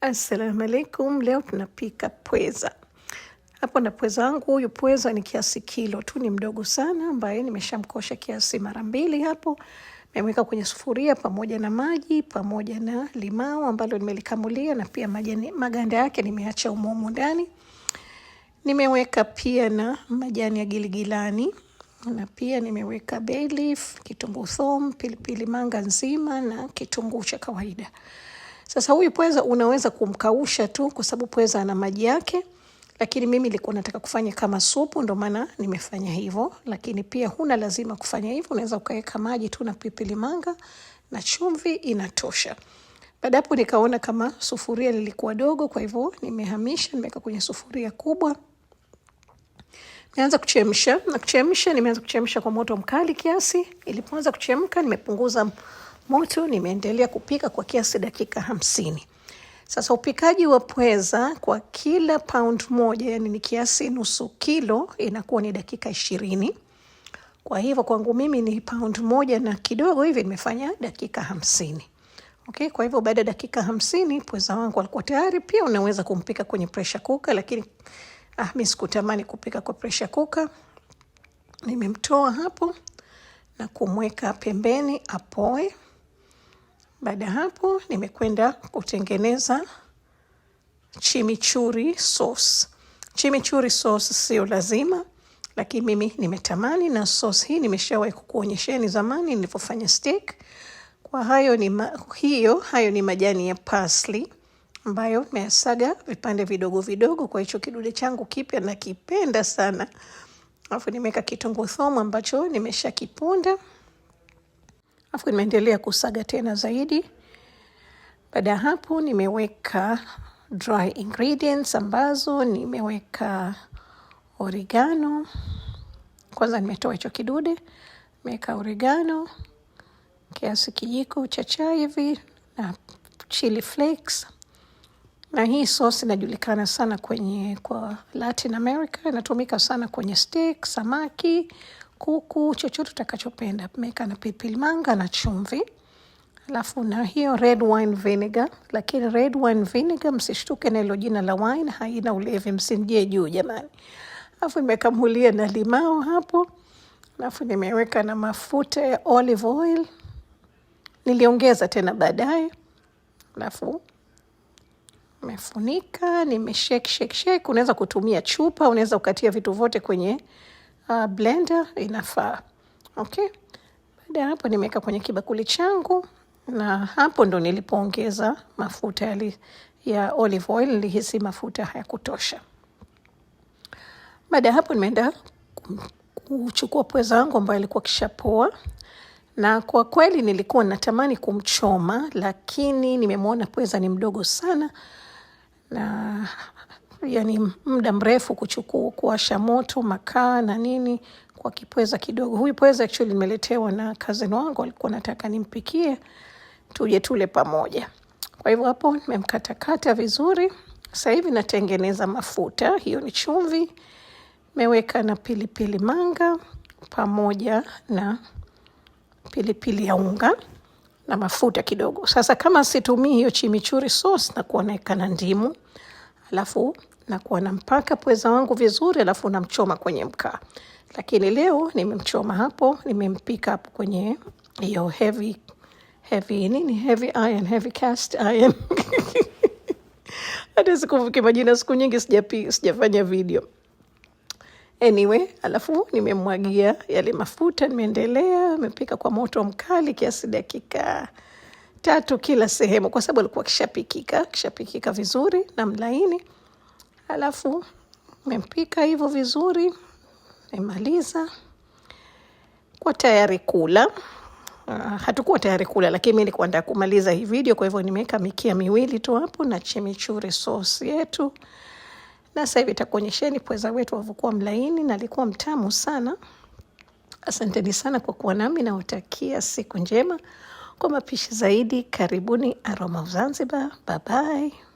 Assalamu alaikum. Leo tunapika pweza. Hapo na pweza wangu huyu, pweza ni kiasi kilo tu, ni mdogo sana, ambaye nimeshamkosha kiasi mara mbili. Hapo nimeweka kwenye sufuria pamoja na maji pamoja na limao ambalo nimelikamulia na pia majani, maganda yake nimeacha umomo ndani. Nimeweka pia na majani ya giligilani na pia nimeweka bay leaf, kitunguu thom, pilipili manga nzima na kitunguu cha kawaida. Sasa huyu pweza unaweza kumkausha tu, kwa sababu pweza ana maji yake, lakini mimi nilikuwa nataka kufanya kama supu, ndo maana nimefanya hivyo. Lakini pia huna lazima kufanya hivyo, unaweza ukaweka maji tu na pilipili manga na chumvi, inatosha. Baada hapo nikaona kama sufuria lilikuwa dogo, kwa hivyo nimehamisha, nimeweka kwenye sufuria kubwa. Nimeanza kuchemsha na kuchemsha, nimeanza kuchemsha kwa moto mkali kiasi. Ilipoanza kuchemka, nimepunguza moto. Nimeendelea kupika kwa kiasi dakika hamsini. Sasa upikaji wa pweza kwa kila pound moja, yani ni kiasi nusu kilo, inakuwa ni dakika ishirini. Kwa hivyo kwangu mimi ni pound moja na kidogo hivi nimefanya dakika hamsini. Okay, kwa hivyo baada ya dakika hamsini pweza wangu alikuwa tayari. Pia unaweza kumpika kwenye pressure cooker, lakini ah, mimi sikutamani kupika kwa pressure cooker. Nimemtoa hapo na kumweka pembeni apoe. Baada ya hapo, nimekwenda kutengeneza chimichuri sauce. Chimichuri sauce sio lazima, lakini mimi nimetamani, na sauce hii nimeshawahi kukuonyesheni zamani nilipofanya steak. Kwa hayo ni ma, hiyo hayo ni majani ya parsley ambayo nimeyasaga vipande vidogo vidogo kwa hicho kidude changu kipya, nakipenda sana. Alafu nimeweka kitunguu thomu ambacho nimeshakiponda. Alafu nimeendelea kusaga tena zaidi. Baada ya hapo, nimeweka dry ingredients ambazo nimeweka oregano. Kwanza nimetoa hicho kidude, nimeweka oregano kiasi kijiko cha chai hivi na chili flakes. Na hii sosi inajulikana sana kwenye kwa Latin America, inatumika sana kwenye steak, samaki kuku, chochote utakachopenda. Meka na pilipili manga na chumvi, alafu na hiyo red wine vinegar. Lakini red wine vinegar, msishtuke na ilo jina la wine, haina ulevi, msimjie juu jamani. Alafu nimekamulia na limao hapo, alafu nimeweka na mafuta ya olive oil niliongeza tena baadaye, alafu mefunika nime shake shake Unaweza kutumia chupa, unaweza ukatia vitu vyote kwenye uh, blender inafaa. Okay, baada ya hapo nimeweka kwenye kibakuli changu, na hapo ndo nilipoongeza mafuta yali, ya olive oil. Nilihisi mafuta hayakutosha. Baada ya hapo nimeenda kuchukua pweza wangu ambayo ilikuwa kishapoa na kwa kweli nilikuwa natamani kumchoma, lakini nimemwona pweza ni mdogo sana, na yani muda mrefu kuchukua kuwasha moto makaa na nini kwa kipweza kidogo. Huyu pweza actually nimeletewa na kazeni wangu, alikuwa nataka nimpikie tuje tule pamoja. Kwa hivyo hapo nimemkatakata vizuri. Sasa hivi natengeneza mafuta, hiyo ni chumvi meweka na pilipili manga pamoja na pilipili ya unga na mafuta kidogo. Sasa kama situmii hiyo chimichuri sauce, na kuonekana na ndimu alafu nakuwa nampaka pweza wangu vizuri, alafu namchoma kwenye mkaa. Lakini leo nimemchoma hapo, nimempika hapo kwenye hiyo heavy heavy nini, heavy iron, heavy cast iron hata sikuvuki majina, siku nyingi sijapi, sijafanya video anyway. Alafu nimemwagia yale mafuta, nimeendelea nimepika kwa moto mkali kiasi dakika tatu kila sehemu, kwa sababu alikuwa kishapikika kishapikika vizuri na mlaini. Alafu nimempika hivyo vizuri, nimaliza kwa tayari kula. Uh, hatukuwa tayari kula, lakini mimi nilikuwa nataka kumaliza hii video, kwa hivyo nimeweka mikia miwili tu hapo na chimichuri sosi yetu, na sasa hivi takuonyesheni pweza wetu wavyokuwa mlaini na alikuwa mtamu sana. Asanteni sana kwa kuwa nami, nawatakia siku njema. Kwa mapishi zaidi, karibuni Aroma of Zanzibar. Bye bye.